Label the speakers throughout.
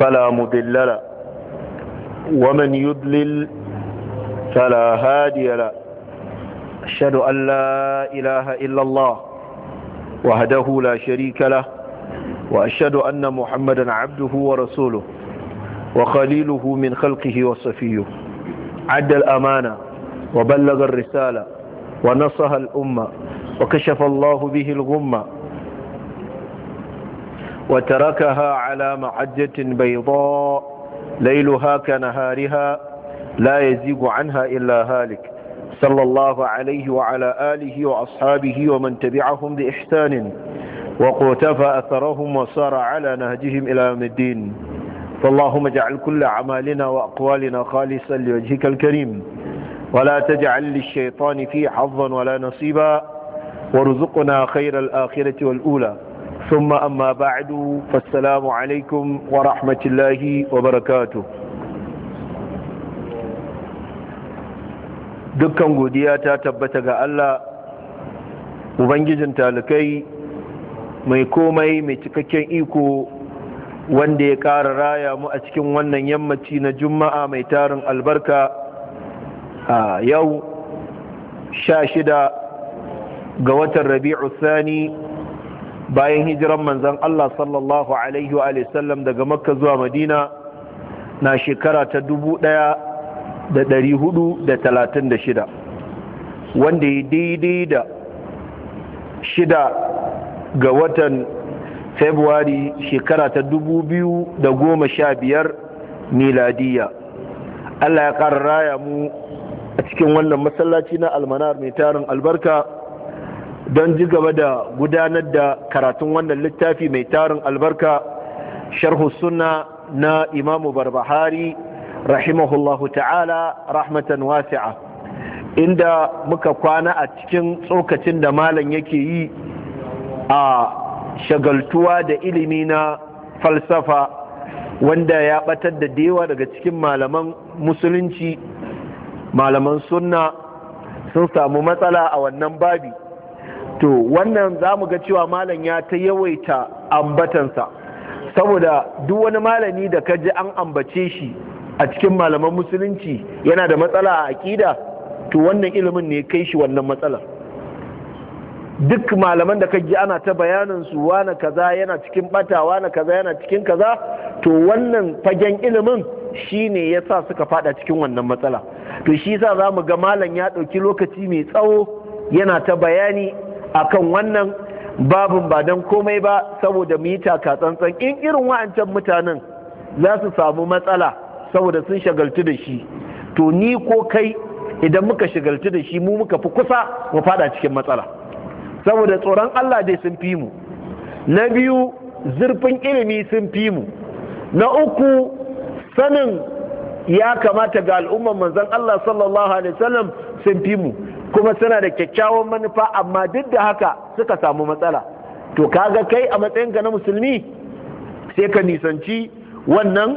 Speaker 1: فلا مضل له ومن يضلل فلا هادي له أشهد أن لا إله إلا الله وهده لا شريك له وأشهد أن محمدا عبده ورسوله وخليله من خلقه وصفيه عد الأمانة وبلغ الرسالة ونصها الأمة وكشف الله به الغمة وتركها على معجة بيضاء ليلها كنهارها لا يزيغ عنها إلا هالك صلى الله عليه وعلى آله وأصحابه ومن تبعهم بإحسان وقوتف أثرهم وصار على نهجهم إلى يوم الدين فاللهم اجعل كل عمالنا وأقوالنا خالصا لوجهك الكريم ولا تجعل للشيطان فيه حظا ولا نصيبا وارزقنا خير الآخرة والأولى ثم أما بعد فالسلام عليكم ورحمة الله وبركاته dukkan godiya ta tabbata ga Allah Ubangijin talikai mai komai mai cikakken iko wanda ya ƙara raya mu a cikin wannan yammaci na juma'a mai tarin albarka a yau sha shida ga watan rabi'u sani bayan hijiran manzan Allah sallallahu alaihi wa sallam daga makka zuwa madina na shekara ta dubu ɗaya da ɗari hudu da talatin da shida wanda ya daidai da shida ga watan februari shekara ta dubu biyu da goma sha biyar miladiya Allah ya ƙara raya mu a cikin wannan masallaci na almanar mai tarin albarka don ji gaba da gudanar da karatun wannan littafi mai tarin albarka sharhu sunna na imamu barbahari rahimahullahu ta'ala rahmatan wasi'a inda muka kwana a cikin tsokacin da malam yake yi a shagaltuwa da ilimi na falsafa wanda ya batar da dewa daga cikin malaman musulunci malaman sunna sun samu matsala a wannan babi to wannan za mu ga cewa malam ya ta yawaita ambatansa saboda duk wani malami da ka ji an ambace shi a cikin malaman musulunci yana da matsala a aƙida to wannan ilimin ne kai shi wannan matsalar duk malaman da ka ji ana ta bayanin su wane kaza yana cikin bata wane kaza yana cikin kaza to wannan fagen ilimin shi ne ya sa suka fada cikin wannan matsala to shi sa za mu ga malam ya ɗauki lokaci mai tsawo yana ta bayani akan wannan babin ba don komai ba saboda mu yi taka tsantsan in irin wa'ancan mutanen za su samu matsala saboda sun shagaltu da shi to ni ko kai idan muka shagaltu da shi mu muka fi kusa mu fada cikin matsala saboda tsoron Allah dai sun fi mu na biyu zurfin ilimi sun fi mu na uku sanin ya kamata ga al'umman manzon Allah sallallahu alaihi wasallam sun fi mu kuma suna da kyakkyawan manufa amma duk da haka suka samu matsala to kaga kai a matsayinka na musulmi sai ka nisanci wannan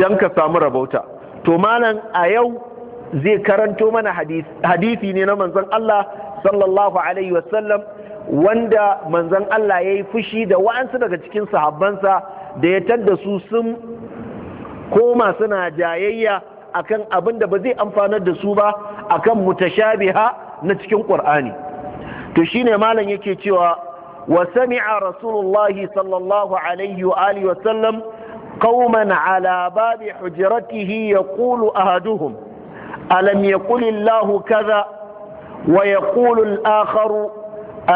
Speaker 1: don ka samu rabauta to malam a yau zai karanto mana hadisi ne na manzon Allah sallallahu alaihi wasallam wanda manzon Allah ya yi fushi da wa'ansu daga cikin sahabbansa da ya tadda su sun koma suna jayayya akan abin da ba zai amfanar da su ba akan mutashabiha na cikin ƙur'ani to shine malam yake cewa wa sami'a rasulullahi sallallahu alaihi wa alihi wa sallam قوما على باب حجرته يقول أهدهم ألم يقل الله كذا ويقول الآخر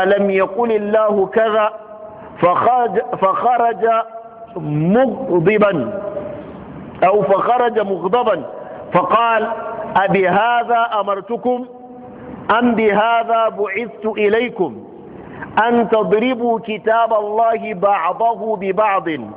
Speaker 1: ألم يقل الله كذا فخرج, فخرج مغضبا أو فخرج مغضبا فقال أبهذا أمرتكم أم بهذا بعثت إليكم أن تضربوا كتاب الله بعضه ببعض